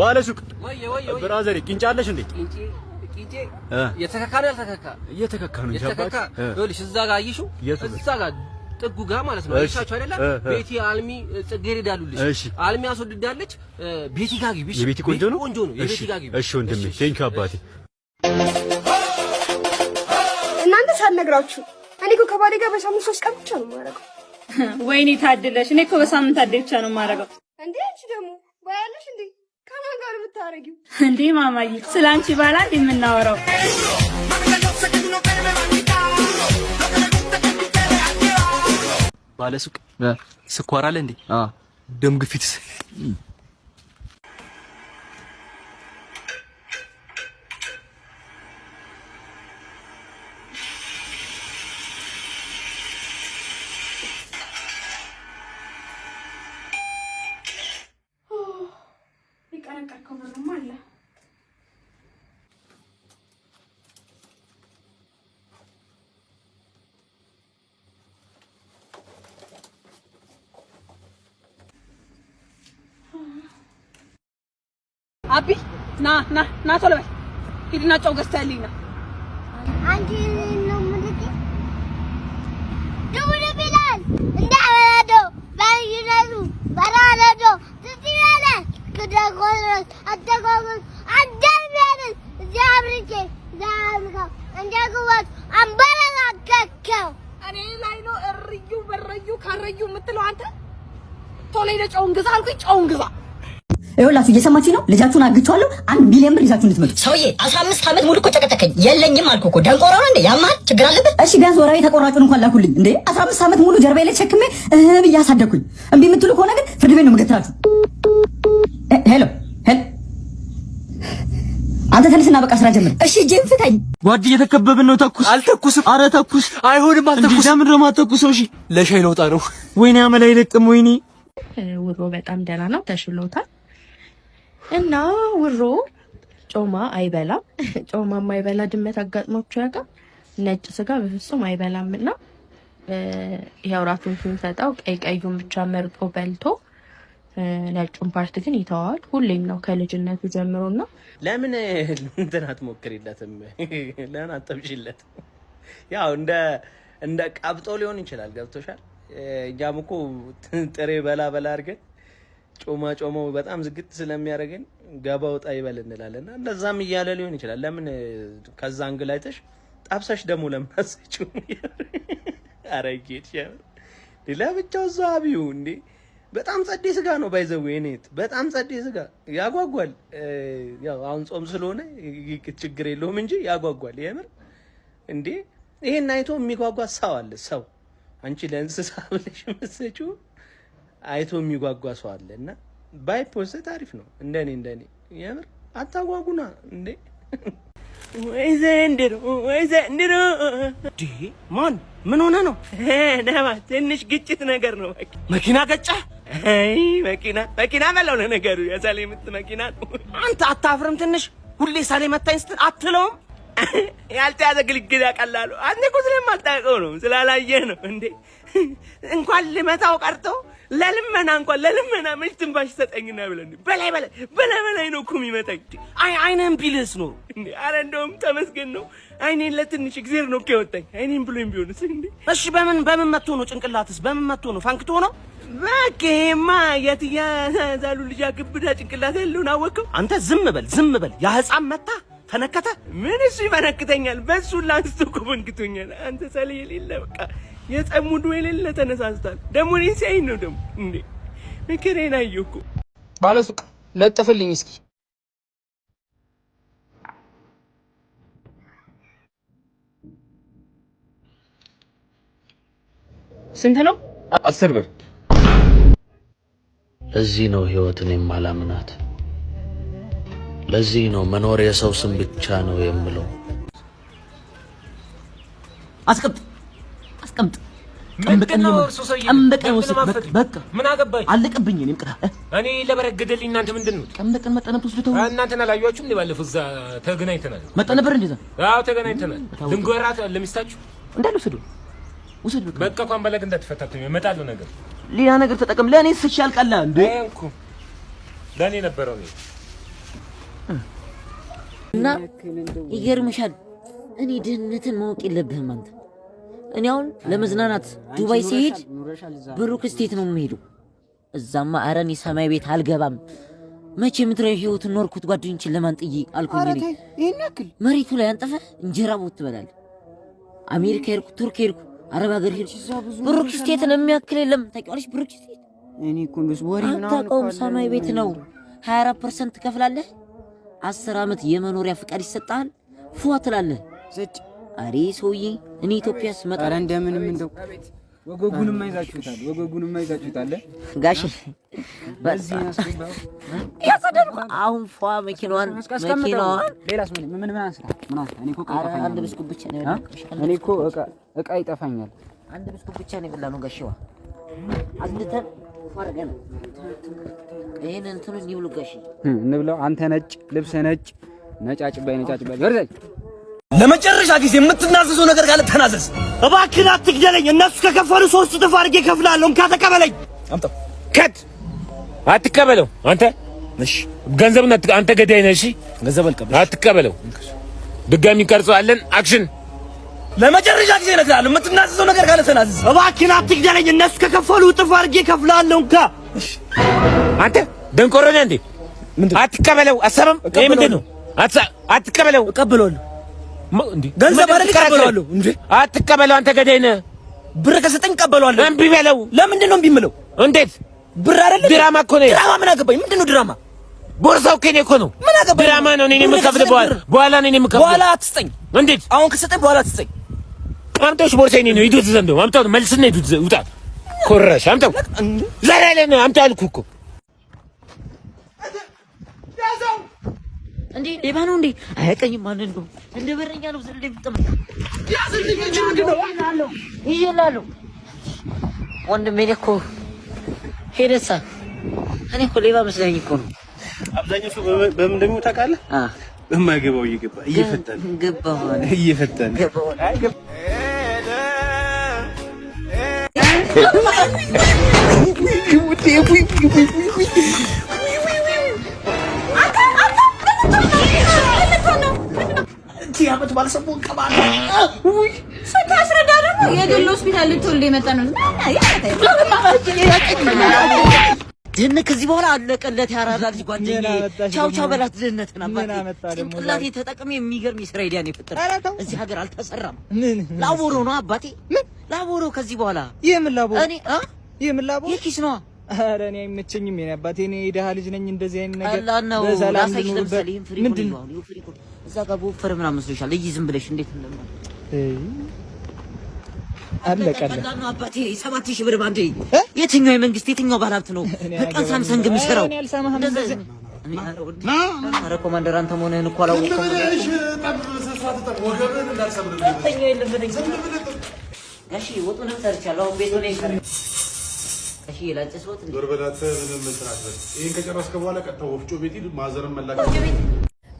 ባለ ሱቅ ብራዘር ቂንጫ አለሽ እንዴ? የተከካ ነው ያልተከካ? እየተከካ ነው የተከካ። ይኸውልሽ እዛ ጋር አየሽው፣ እዛ ጋር ጥጉ ጋር ማለት ነው አይሻችሁ አይደለ? ቤቲ አልሚ ጽጌረዳ አሉልሽ፣ አልሚ አስወድዳለች። ቤቲ ጋር ግቢ። ቤቲ ቆንጆ ነው፣ ቆንጆ ነው። የቤቲ ጋር ግቢ። እሺ ወንድሜ፣ ቴንኪው አባቴ። እናንተ ሳልነግራችሁ እኔ እኮ ከባሌ ጋር በሳምንት ሶስት ቀን ብቻ ነው የማደርገው። ወይኔ ታድለሽ! እኔ እኮ በሳምንት አዴ ብቻ ነው የማደርገው። እንዴ አንቺ ደግሞ ባያለሽ እንዴ ከማን ጋር የምታረጊው እንዴ? ማማዬ ስለ አንቺ ባላል የምናወራው ባለሱቅ ስኳር አለ እንዴ? ደም ግፊትስ አቢ ና ና ና ቶሎ በል ሂድና ጨው ገዝተህልኝ ና አንቺ ነው ምንድን ደውል ቢላል እንዳበረዶ ባይነዱ በራረዶ ትትያለ ክደጎሎስ አደጎሎስ አደሚያደስ ዛብርቼ ዛብርከው እንደ ጉበት አንበረላከከው እኔ ላይ ነው እርዩ በረዩ ካረዩ የምትለው አንተ ቶሎ ሄደህ ጨውን ግዛ አልኩኝ ጨውን ግዛ ይኸውላችሁ እየሰማችሁ ነው። ልጃችሁን አግቸዋለሁ። አንድ ሚሊዮን ብር ይዛችሁ እንድትመጡ። ሰውዬ አስራ አምስት ዓመት ሙሉ እኮ ጨቀጨከኝ። የለኝም አልኩ እኮ ደንቆሮ ነው እንዴ? ያማል ችግር አለበት። እሺ ቢያንስ ወራዊ ተቆራጩን እንኳን ላኩልኝ እንዴ። አስራ አምስት ዓመት ሙሉ ጀርባዬ ላይ ተሸክሜ እህ ብዬ አሳደግኩኝ። እምቢ የምትሉ ከሆነ ግን ፍርድ ቤት ነው የምገትራችሁ። ሄሎ ሄሎ አንተ ተነስና በቃ ስራ ጀምር። እሺ ጄን ፍታኝ። ጓድ እየተከበብን ነው። ተኩስ። አልተኩስም። አረ ተኩስ። አይሆንም። አልተኩስ። እንዴ ለምን ነው የማትተኩሰው? እሺ ለሻይ ለውጣ ነው። ወይኔ አመል አይለቅም። ወይኔ ውሮ በጣም ደህና ነው። ተሽሎታል። እና ውሮ ጮማ አይበላም። ጮማ የማይበላ ድመት አጋጥሟችሁ ያውቃል? ነጭ ስጋ በፍጹም አይበላም። እና ይኸው ራሱን ስንሰጠው ቀይ ቀዩን ብቻ መርጦ በልቶ ነጩን ፓርት ግን ይተዋል። ሁሌም ነው ከልጅነቱ ጀምሮ እና ለምን እንትን አትሞክሪለትም? ለምን አጠብሽለት? ያው እንደ እንደ ቀብጦ ሊሆን ይችላል። ገብቶሻል። እኛም እኮ ጥሬ በላ በላ አድርገን ጮማ ጮማው በጣም ዝግት ስለሚያደርገን ገባ ወጣ ይበል እንላለና እንደዛም እያለ ሊሆን ይችላል። ለምን ከዛ አንግል አንግላይተሽ ጣብሰሽ ደግሞ ለምናሰጩ አረጌት ሌላ ብቻው እዛ አብዩ እንዴ በጣም ጸዴ ስጋ ነው ባይዘው የኔት በጣም ጸዴ ስጋ ያጓጓል። ያው አሁን ጾም ስለሆነ ችግር የለውም እንጂ ያጓጓል። የምር እንዴ ይሄን አይቶ የሚጓጓ ሰው አለ ሰው አንቺ ለእንስሳ ብለሽ መሰጩ አይቶ የሚጓጓ ሰው አለ እና ባይፖስት አሪፍ ነው። እንደኔ እንደኔ የምር አታጓጉና እንዴ! ወይ ዘንድሮ ወይ ዘንድሮ ማን ምን ሆነ ነው? ደማ ትንሽ ግጭት ነገር ነው። መኪና ገጫ። አይ መኪና መኪና መላው ነው ነገሩ። የሳሌ ምት መኪና ነው። አንተ አታፍርም? ትንሽ ሁሌ ሳሌ መታኝ ስትል አትለውም? ያልተያዘ ግልግል ያቀላሉ። አንተ እኮ ስለማታውቀው ነው ስላላየህ ነው እንዴ። እንኳን ልመታው ቀርተው ለልመና እንኳን ለልመና መች ትንፋሽ ሰጠኝና ብለን በላይ በላይ በላይ በላይ ነው እኮ የሚመጣኝ። አይ አይነን ቢልስ ኖሮ እንዴ! አረ እንደውም ተመስገን ነው። አይኔን ለትንሽ እግዚአብሔር ነው እኮ ያወጣኝ። አይኔን ብሎኝ ቢሆንስ እንዴ! እሺ በምን በምን መጥቶ ነው? ጭንቅላትስ በምን መጥቶ ነው? ፋንክቶ ነው? በቃ ይሄማ የትያ ዛሉ ልጅ ግብዳ ጭንቅላት ያለውን አወቀው። አንተ ዝም በል ዝም በል። ያ ህፃን መታ ፈነከተ። ምን እሱ ይፈነክተኛል? በሱ ላንስቶ እኮ ፈንክቶኛል። አንተ ሰለ የሌለ በቃ የጸሙዱ የሌለ ተነሳስታል። ደግሞ እኔን ሲያይኝ ነው ደግሞ እንዴ ምክሬን አየሁ እኮ ባለሱቅ ለጥፍልኝ እስኪ ስንት ነው? አስር ብር። ለዚህ ነው ህይወትን የማላምናት። ለዚህ ነው መኖር የሰው ስም ብቻ ነው የምለው። አስቀምጥ አስቀምጥ። ቀን በቀን ምን አገባኝ አለቀብኝ። እኔም እኔ እናንተ ምንድን ነው ቀን በቀን ተው። እናንተን ባለፈው እዛ ተገናኝተናል። መጣ ነበር አዎ ተገናኝተናል። ለሚስታችሁ እንዳለ ውሰዱ ውሰዱ። በቃ እንኳን እንዳትፈታተኝ እመጣለሁ። ነገር ሌላ ነገር ተጠቀም። ለእኔ ስሽ እንዴ እንኩ ለእኔ ነበረው ነው እና ይገርምሻል። እኔ ድህነትን ማወቅ የለብህም አንተ እኔ አሁን ለመዝናናት ዱባይ ሲሄድ ብሩክ ስቴት ነው የሚሄዱ። እዛማ ኧረ እኔ ሰማይ ቤት አልገባም። መቼ ምድራዊ ህይወት ኖርኩት ጓደኞችን ለማን ጥዬ አልኩኝ። መሬቱ ላይ አንጠፈ እንጀራ ቦት ትበላል። አሜሪካ ሄድኩ፣ ቱርክ ሄድኩ፣ አረብ ሀገር ሄድኩ። ብሩክ ነው የሚያክል የለም። ታውቂዋለሽ ብሩክ ስቴት አታውቀውም። ሰማይ ቤት ነው። 24 ፐርሰንት ትከፍላለህ። አስር ዓመት የመኖሪያ ፍቃድ ይሰጣል። ፏ ትላለህ አሬ ሰውዬ እኔ ኢትዮጵያ ስመጣ ኧረ እንደምንም እንደው ወገጉንም አይዛችሁታል፣ ወገጉንም አይዛችሁታል። ጋሽ ያጸደልኩ አሁን ፏ መኪናዋን መኪናዋን ሌላስ ምን ምን ምን አንስታ ምን አንስታ እኔ እኮ አንድ ብስኩት ብቻ ነው እኔ እኮ እቃ እቃ ይጠፋኛል። አንድ ብስኩት ብቻ ነው ነው ጋሽዋ አዝልተን ፈርገን ይሄን እንትኑን ይብሉ ጋሽ እንብለው። አንተ ነጭ ልብስ ነጭ ነጫጭ ባይ ነጫጭ ባይ ወርዘይ ለመጨረሻ ጊዜ የምትናዘዘው ነገር ካለ ተናዘዝ። እባክህን አትግደለኝ። እነሱ ከከፈሉ ሶስት እጥፍ አድርጌ እከፍልሃለሁ። እንካ ተቀበለኝ። አምጣው። ከት አትቀበለው። አንተ እሺ፣ ገንዘብን አት አንተ ገዳይ ነህ። እሺ፣ ገንዘብ አልቀበል፣ አትቀበለው። ድጋሚ ቀርጸዋለን። አክሽን። ለመጨረሻ ጊዜ ነትላለ የምትናዘዘው ነገር ካለ ተናዘዝ። እባክህን አትግደለኝ። እነሱ ከከፈሉ እጥፍ አድርጌ እከፍልሃለሁ። እንካ። አንተ ደንቆሮ ነህ እንዴ? አትቀበለው። አሰበም ይሄ ምንድን ነው? አትቀበለው። እቀበለዋለሁ ገንዘብ አይደል እቀበለዋለሁ። እንዴ አትቀበለው አንተ ገዳይ ነህ። ብር ከሰጠኝ እቀበለዋለሁ። እምቢ በለው። ለምንድን ነው እምቢ የምለው? እንዴት ብር አይደል ድራማ እኮ ነው። ድራማ ምን አገባኝ? ምንድን ነው ድራማ? ቦርሳው ከኔ እኮ ነው። ምን አገባኝ? ድራማ ነው። እኔ የምከፍል በኋላ እኔ የምከፍል በኋላ አትስጠኝ። እንዴት አሁን ከሰጠኝ በኋላ አትስጠኝ። አምጣው ቦርሳ ነው። ዘንዶ አምጣው። መልስና ውጣ ኮረሽ አምጣው። ዛሬ ነው አምጣው አልኩህ እኮ እንዴ ሌባ ነው እንዴ? አያቀኝም ማለት ነው። እንደ በረኛ ነው። ዝም ወንድሜ፣ እኔ እኮ ሄደሳ እኔ እኮ ሌባ መስለኝ እኮ ነው። አብዛኛው ሰው በምን እንደሚሆን ታውቃለህ? በማይገባው እየገባ እየፈተነ እየፈተነ ገባ የዚህ አመት ባለሰቦን ቀባለ ውይ ስታስረዳ ደግሞ የግል ሆስፒታል ልትወልድ የመጣ ነው። ድህነት ከዚህ በኋላ አለቀለት። ያራዳ ልጅ ጓደኛዬ ቻው ቻው በላት። ድህነት ናባት ጭንቅላቴ ተጠቅሜ የሚገርም የስራ ሂዳን የፈጠረ እዚህ ሀገር አልተሰራም። ላቦሮ ነው አባቴ ላቦሮ። ከዚህ በኋላ ይህ ምን ላቦ ይህ ላቦሮ? ላቦ የኪስ ነዋ። ኧረ እኔ አይመቸኝም። የኔ አባቴ እኔ ደሃ ልጅ ነኝ። እንደዚህ አይነት ነገር ለምሳሌ በሰላም ምንድን ነው እዛ ጋር በወፈረ ምናምን መስሎሻል። እይ ዝም ብለሽ እንዴት አለቀለ አባቴ ሰባት ሺህ ብር ባንዴ። የትኛው የመንግስት የትኛው ባለሀብት ነው በቀን ሳምሰንግ የሚሰራው? ኧረ ኮማንደር አንተ መሆንህን እኮ አላወቅኩም። እሺ ቤቱ ላይ እሺ ላጭስ ወጥ ምንም ይሄን በኋላ ወፍጮ ቤት ማዘርን መላክ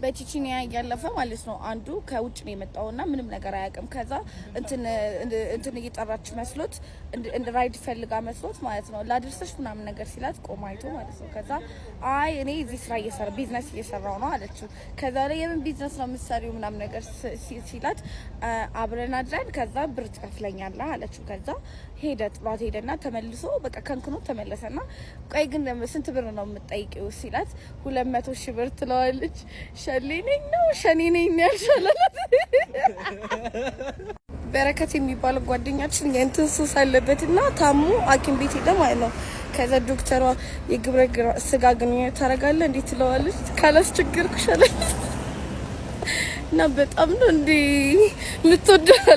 በቺቺኒያ እያለፈ ማለት ነው። አንዱ ከውጭ ነው የመጣውና ምንም ነገር አያውቅም። ከዛ እንትን እየጠራች መስሎት ራይድ ፈልጋ መስሎት ማለት ነው ላድርሰሽ ምናምን ነገር ሲላት ቆማ አይቶ ማለት ነው። ከዛ አይ እኔ እዚህ ስራ እየሰራ ቢዝነስ እየሰራው ነው አለችው። ከዛ ላይ የምን ቢዝነስ ነው የምትሰሪው ምናምን ነገር ሲላት አብረን አድረን ከዛ ብር ትከፍለኛለ አለችው። ከዛ ሄደ ጥሏት ሄደና ተመልሶ በቃ ከንክኖ ተመለሰና ቆይ ግን ስንት ብር ነው የምትጠይቂው ሲላት ሁለት መቶ ሺህ ብር ትለዋለች። ሸሌ ነኝ ነው ሸኔ ነኝ ያልሻላላት በረከት የሚባለው ጓደኛችን የእንትን ሱስ አለበት እና ታሙ ሐኪም ቤት ሄደ ማለት ነው። ከዛ ዶክተሯ የግብረ ስጋ ግንኙነት ታደርጋለህ እንዴት ትለዋለች። ካላስቸገርኩሽ አለች እና በጣም ነው እንዴ የምትወደው